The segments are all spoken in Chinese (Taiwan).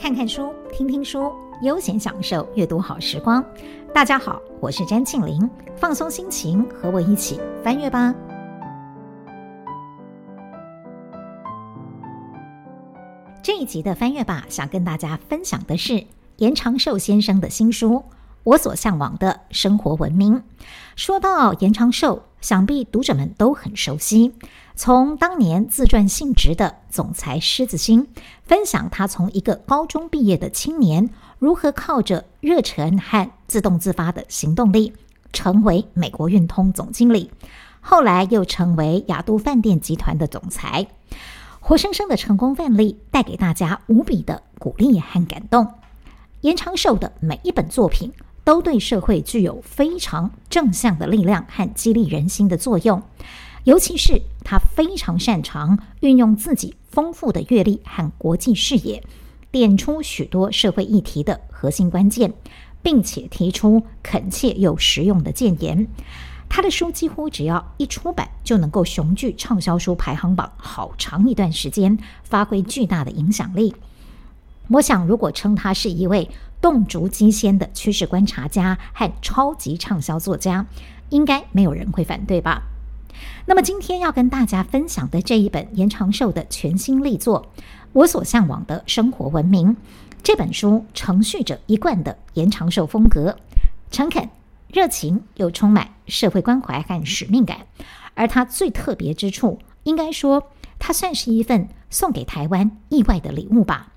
看看書，聽聽書，悠閒享受閱讀好時光。大家好，我是詹慶齡，放鬆心情，和我一起翻閱吧。這一集的翻閱吧，想跟大家分享的是嚴長壽先生的新書《我所嚮往的生活文明》。說到嚴長壽。想必讀者們都很熟悉，從當年自傳性質的《總裁獅子心》，分享他從一個高中畢業的青年，如何靠着熱忱和自動自發的行動力，成為美國運通總經理，後來又成為亞都飯店集團的總裁，活生生的成功範例，帶給大家無比的鼓勵和感動。嚴長壽的每一本作品。都對社會具有非常正向的力量和激勵人心的作用，尤其是他非常擅長運用自己豐富的閱歷和國際視野，點出許多社會議題的核心關鍵，並且提出懇切又實用的建言。他的書幾乎只要一出版，就能夠雄踞暢銷書排行榜好長一段時間，發揮巨大的影響力。我想，如果稱他是一位。洞燭機先的趨勢觀察家和超級暢銷作家，應該沒有人會反對吧？那麼今天要跟大家分享的這一本嚴長壽的全新力作《我所嚮往的生活文明》，這本書承續着一貫的嚴長壽風格，誠懇、熱情又充滿社會關懷和使命感。而他最特別之處，應該說他算是一份送給台灣意外的禮物吧？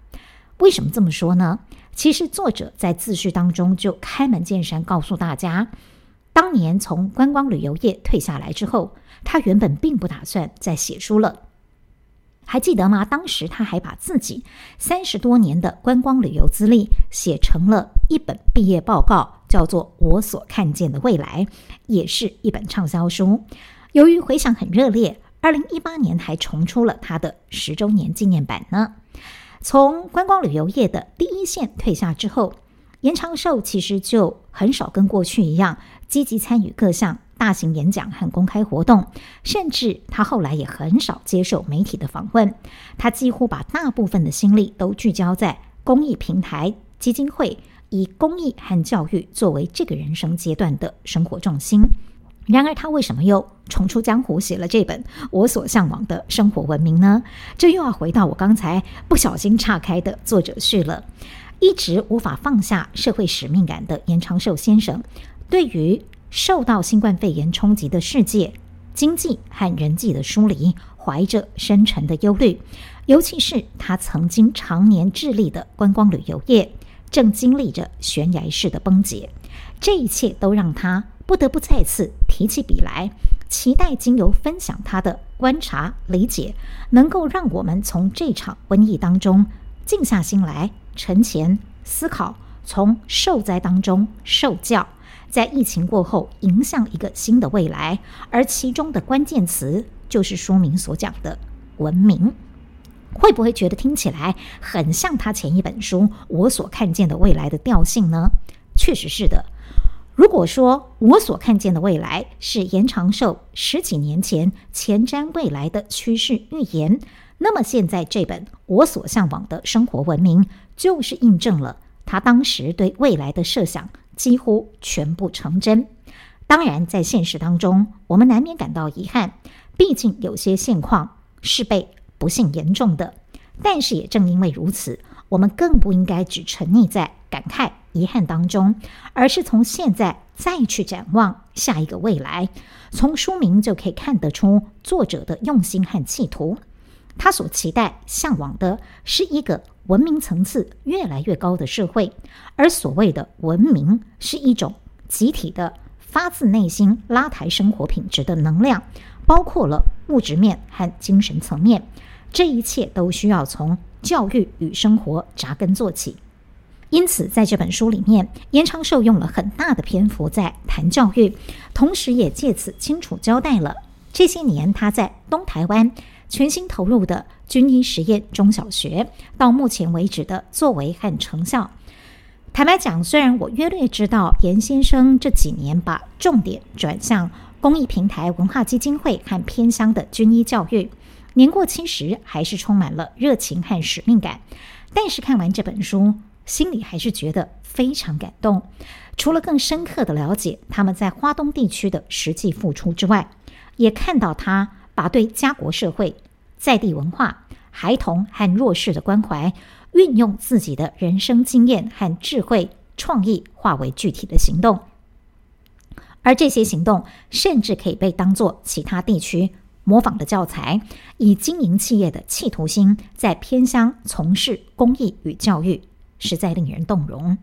為什麼這麼說呢？其實作者在自序當中就開門見山告訴大家，當年從觀光旅遊業退下來之後，他原本並不打算再寫書了。還記得嗎？當時他還把自己三十多年的觀光旅遊資歷寫成了一本畢業報告，叫做《我所看見的未來》，也是一本暢銷書。由於回響很熱烈，二零一八年還重出了他的十周年紀念版呢。從觀光旅遊業的第一線退下之後，嚴長壽其實就很少跟過去一樣積極參與各項大型演講和公開活動，甚至他後來也很少接受媒體的訪問。他幾乎把大部分的心力都聚焦在公益平台、基金會，以公益和教育作為這個人生階段的生活重心。然而，他為什麼又？重出江湖，寫了這本《我所嚮往的生活文明》呢？這又要回到我剛才不小心岔開的作者序了。一直無法放下社會使命感的嚴長壽先生，對於受到新冠肺炎衝擊的世界經濟和人際的疏離，懷着深沉的憂慮。尤其是他曾經常年致力的觀光旅遊業，正經歷着懸崖式的崩解。這一切都讓他不得不再次提起筆來。期待經由分享他的觀察理解，能夠讓我們從這場瘟疫當中靜下心來沉潛思考，從受災當中受教，在疫情過後迎向一個新的未來。而其中的關鍵詞就是書名所講的“文明”，會不會覺得聽起來很像他前一本書《我所看見的未來》的調性呢？確實是的。如果說我所看見的未來是嚴長壽十幾年前前瞻未來的趨勢預言，那麼現在這本我所向往的生活文明就是印證了他當時對未來的設想幾乎全部成真。當然，在現實當中，我們難免感到遺憾，畢竟有些現況是被不幸言中的。但是也正因為如此，我們更不應該只沉溺在感慨遺憾當中，而是從現在再去展望下一個未來，從書名就可以看得出作者的用心和企圖。他所期待，向往的是一個文明層次越來越高的社會，而所謂的文明是一種集體的發自內心拉抬生活品質的能量，包括了物質面和精神層面。這一切都需要從教育與生活扎根做起。因此，在這本書裡面，嚴長壽用了很大的篇幅在談教育，同時也借此清楚交代了這些年他在東台灣全心投入的均一實驗中小學到目前為止的作為和成效。坦白講，雖然我約略知道嚴先生這幾年把重點轉向公益平台文化基金會和偏鄉的均一教育，年過七十還是充滿了熱情和使命感，但是看完這本書，心裡還是覺得非常感動。除了更深刻的了解他們在花東地區的實際付出之外，也看到他把對家國、社會、在地文化、孩童和弱勢的關懷，運用自己的人生經驗和智慧、創意化為具體的行動。而這些行動甚至可以被當作其他地區模仿的教材。以經營企業的企圖心，在偏鄉從事公益與教育。實在令人動容。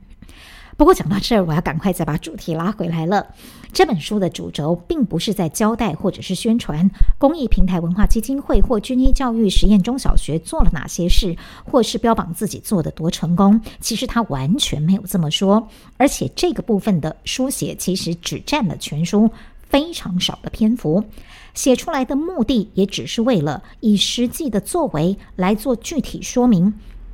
不過講到這兒，我要趕快再把主題拉回來了。這本書的主軸並不是在交代或者是宣傳公益平台文化基金會或均一教育實驗中小學做了哪些事，或是標榜自己做得多成功。其實他完全沒有這麼說，而且這個部分的書寫其實只占了全書非常少的篇幅，寫出來的目的也只是為了以實際的作為來做具體說明，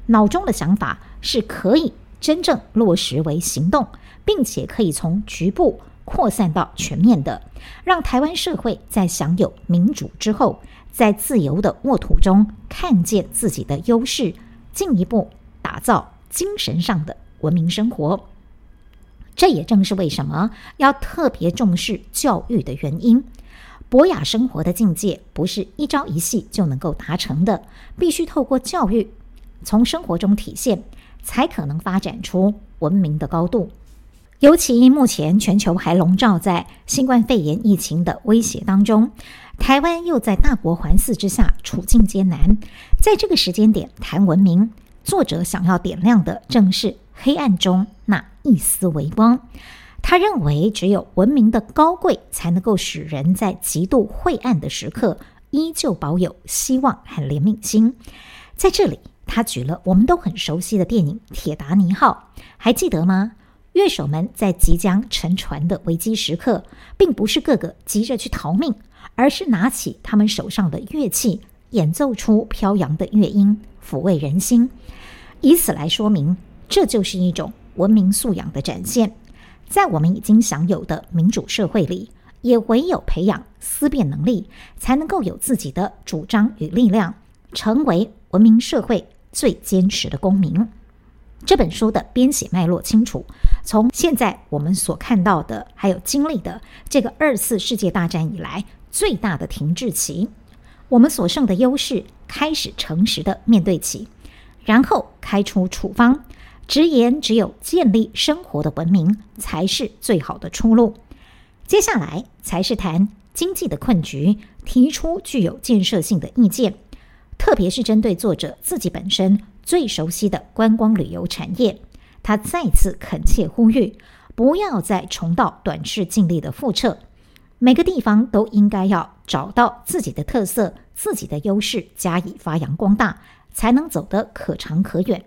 腦中的想法。是可以真正落實為行動，並且可以從局部擴散到全面的，讓台灣社會在享有民主之後，在自由的沃土中看見自己的優勢，進一步打造精神上的文明生活。這也正是為什麼要特別重視教育的原因。博雅生活的境界不是一朝一夕就能夠達成的，必須透過教育，從生活中體現。才可能發展出文明的高度。尤其目前全球還籠罩在新冠肺炎疫情的威脅當中，台灣又在大國環伺之下處境艱難。在這個時間點談文明，作者想要點亮的正是黑暗中那一絲微光。他認為，只有文明的高貴，才能夠使人在極度晦暗的時刻，依舊保有希望和憐憫心。在這裡。他舉了我們都很熟悉的電影《鐵達尼號》，還記得嗎？樂手們在即將沉船的危機時刻，並不是個個急着去逃命，而是拿起他們手上的樂器，演奏出飄揚的樂音，撫慰人心。以此來說明，這就是一種文明素養的展現。在我們已經享有的民主社會裡，也唯有培養思辨能力，才能夠有自己的主張與力量，成為文明社會。最堅持的公民，這本書的編寫脈絡清楚。從現在我們所看到的，還有經歷的這個二次世界大戰以來最大的停滯期，我們所剩的優勢開始誠實的面對起，然後開出處方，直言只有建立生活的文明才是最好的出路。接下來才是談經濟的困局，提出具有建設性的意見。特別是針對作者自己本身最熟悉的觀光旅遊產業，他再次懇切呼籲，不要再重蹈短視近利的覆轍。每個地方都應該要找到自己的特色、自己的優勢，加以發揚光大，才能走得可長可遠。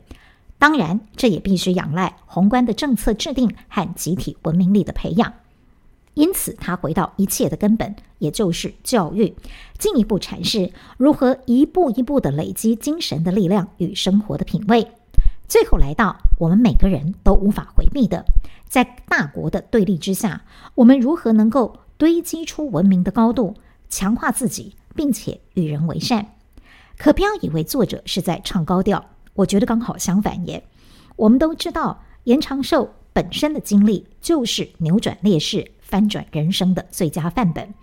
當然，這也必須仰賴宏觀的政策制定和集體文明力的培養。因此，他回到一切的根本，也就是教育，進一步闡釋如何一步一步地累積精神的力量與生活的品味。最後，來到我們每個人都無法回避的，在大國的對立之下，我們如何能夠堆積出文明的高度，強化自己，並且與人為善？可不要以為作者是在唱高調，我覺得剛好相反也。我們都知道，嚴長壽本身的經歷就是扭轉劣勢。翻轉人生的最佳範本，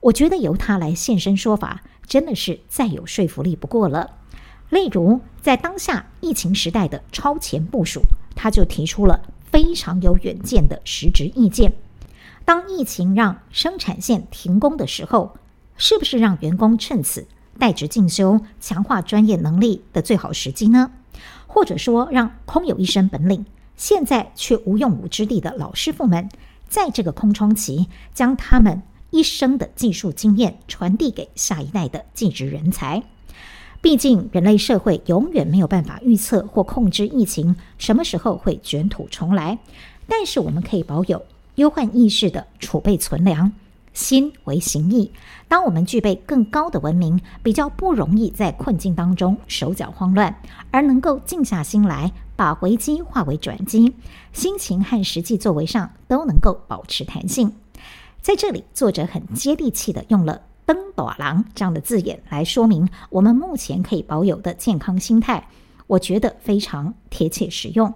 我覺得由他來現身說法，真的是再有說服力不過了。例如，在當下疫情時代的超前部署，他就提出了非常有遠見的實質意見。當疫情讓生產線停工的時候，是不是讓員工趁此待職進修、強化專業能力的最好時機呢？或者說，讓空有一身本領現在卻無用武之地的老師傅們？在這個空窗期，將他們一生的技術經驗傳遞給下一代的技職人才。畢竟，人類社會永遠沒有辦法預測或控制疫情什麼時候會捲土重來。但是，我們可以保有憂患意識的儲備存糧。心為形役，當我們具備更高的文明，比較不容易在困境當中手腳慌亂，而能夠靜下心來。把危機化為轉機，心情和實際作為上都能夠保持彈性。在這裡，作者很接地氣的用了“登裸狼”這樣的字眼來說明我們目前可以保有的健康心態，我覺得非常貼切實用。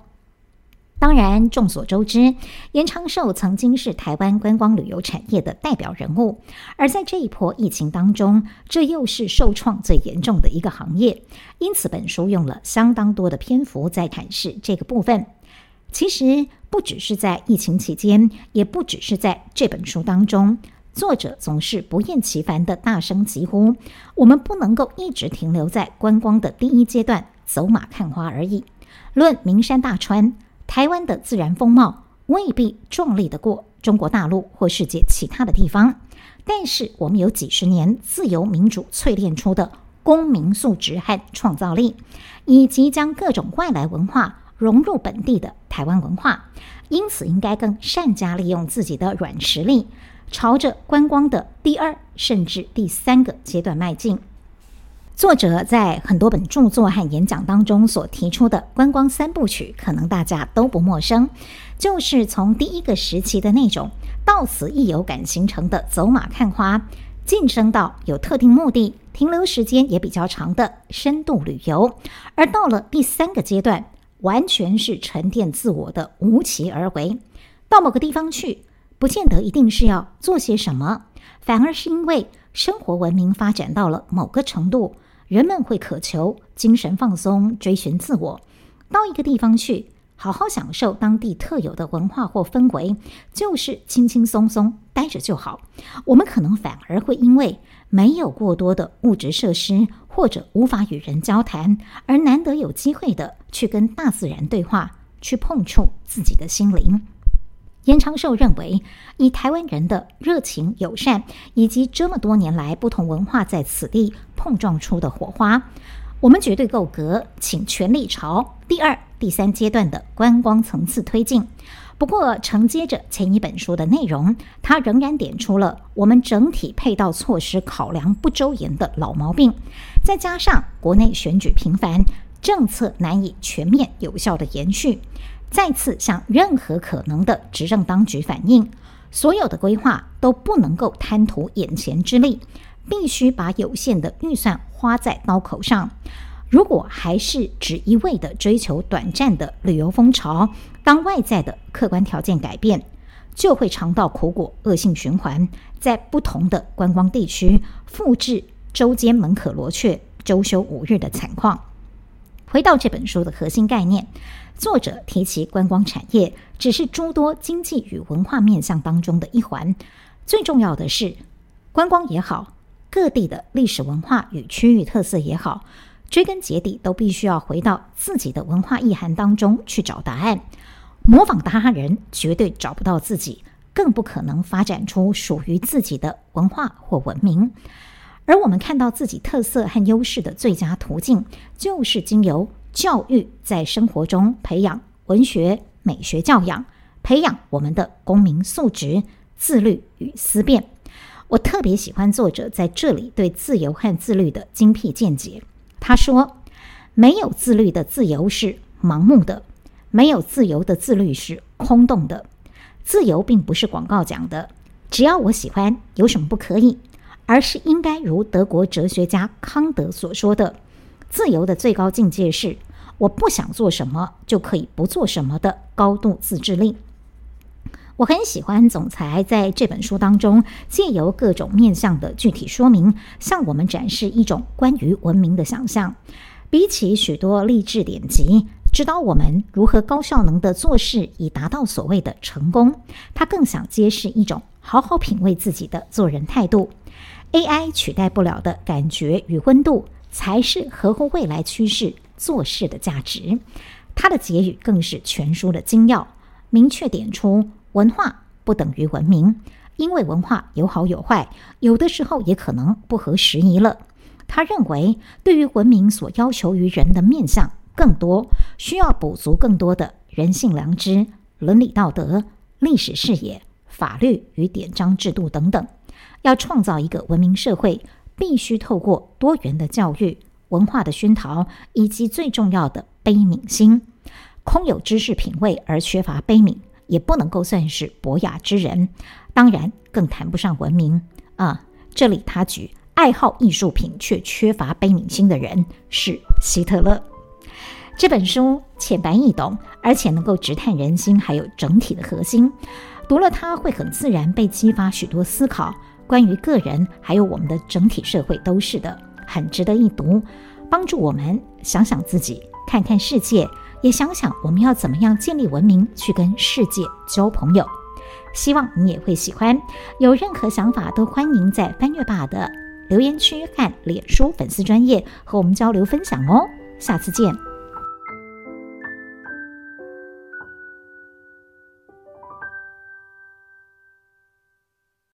當然，眾所周知，嚴長壽曾經是台灣觀光旅遊產業的代表人物。而在這一波疫情當中，這又是受創最嚴重的一個行業。因此，本書用了相當多的篇幅在闡釋這個部分。其實，不只是在疫情期間，也不只是在這本書當中，作者總是不厭其煩地大聲疾呼：我們不能夠一直停留在觀光的第一階段，走馬看花而已。論名山大川。台灣的自然風貌未必壯麗得過中國大陸或世界其他的地方，但是我們有幾十年自由民主淬煉出的公民素質和創造力，以及將各種外來文化融入本地的台灣文化，因此應該更善加利用自己的軟實力，朝着觀光的第二甚至第三個階段邁進。作者在很多本著作和演講當中所提出的觀光三部曲，可能大家都不陌生，就是從第一個時期的那種到此一遊感形成的走馬看花，晉升到有特定目的、停留時間也比較長的深度旅遊，而到了第三個階段，完全是沉澱自我的無奇而為。到某個地方去，不見得一定是要做些什麼，反而是因為生活文明發展到了某個程度。人們會渴求精神放鬆、追尋自我，到一個地方去，好好享受當地特有的文化或氛圍，就是輕輕鬆鬆待着就好。我們可能反而會因為沒有過多的物質設施，或者無法與人交談，而難得有機會的去跟大自然對話，去碰觸自己的心靈。嚴長壽認為，以台灣人的熱情友善，以及這麼多年來不同文化在此地碰撞出的火花，我們絕對夠格，傾全力朝第二、第三階段的觀光層次推進。不過，承接着前一本書的內容，他仍然點出了我們整體配套措施考量不周延的老毛病，再加上國內選舉頻繁，政策難以全面有效地延續。再次向任何可能的執政當局反映，所有的規劃都不能夠貪圖眼前之利，必須把有限的預算花在刀口上。如果還是只一味地追求短暫的旅遊風潮，當外在的客觀條件改變，就會嘗到苦果，惡性循環在不同的觀光地區複製周間門可羅雀、周休五日的慘況。回到這本書的核心概念。作者提及觀光產業，只是諸多經濟與文化面向當中的一環。最重要的是，觀光也好，各地的歷史文化與區域特色也好，追根結底都必須要回到自己的文化意涵當中去找答案。模仿他人，絕對找不到自己，更不可能發展出屬於自己的文化或文明。而我們看到自己特色和優勢的最佳途徑，就是經由。教育在生活中培養文學美學教養，培養我們的公民素質、自律與思辨。我特別喜歡作者在這裡對自由和自律的精闢見解。他說：“沒有自律的自由是盲目的，沒有自由的自律是空洞的。自由並不是廣告講的‘只要我喜歡，有什麼不可以’，而是應該如德國哲學家康德所說的：‘自由的最高境界是’。”我不想做什麼就可以不做什麼的高度自制力。我很喜歡總裁在這本書當中借由各種面向的具體說明，向我們展示一種關於文明的想象。比起許多勵志典籍，指導我們如何高效能的做事以達到所謂的成功，他更想揭示一種好好品味自己的做人態度。AI 取代不了的感覺與溫度，才是合乎未來趨勢。做事的價值，他的結語更是全書的精要，明確點出文化不等於文明，因為文化有好有壞，有的時候也可能不合時宜了。他認為，對於文明所要求於人的面向更多，需要補足更多的人性良知、倫理道德、歷史視野、法律與典章制度等等。要創造一個文明社會，必須透過多元的教育、文化的熏陶，以及最重要的悲憫心。空有知識品味而缺乏悲憫，也不能夠算是博雅之人。當然，更談不上文明。啊，這裡他舉愛好藝術品卻缺乏悲憫心的人是希特勒。這本書淺白易懂，而且能夠直探人心，還有整體的核心。讀了它，會很自然被激發許多思考，關於個人，還有我們的整體社會都是的。很值得一讀，幫助我們想想自己，看看世界，也想想我們要怎麼樣建立文明，去跟世界交朋友。希望你也會喜歡。有任何想法都歡迎在翻閱 BAR 的留言區和臉書粉絲專頁和我們交流分享哦。下次見。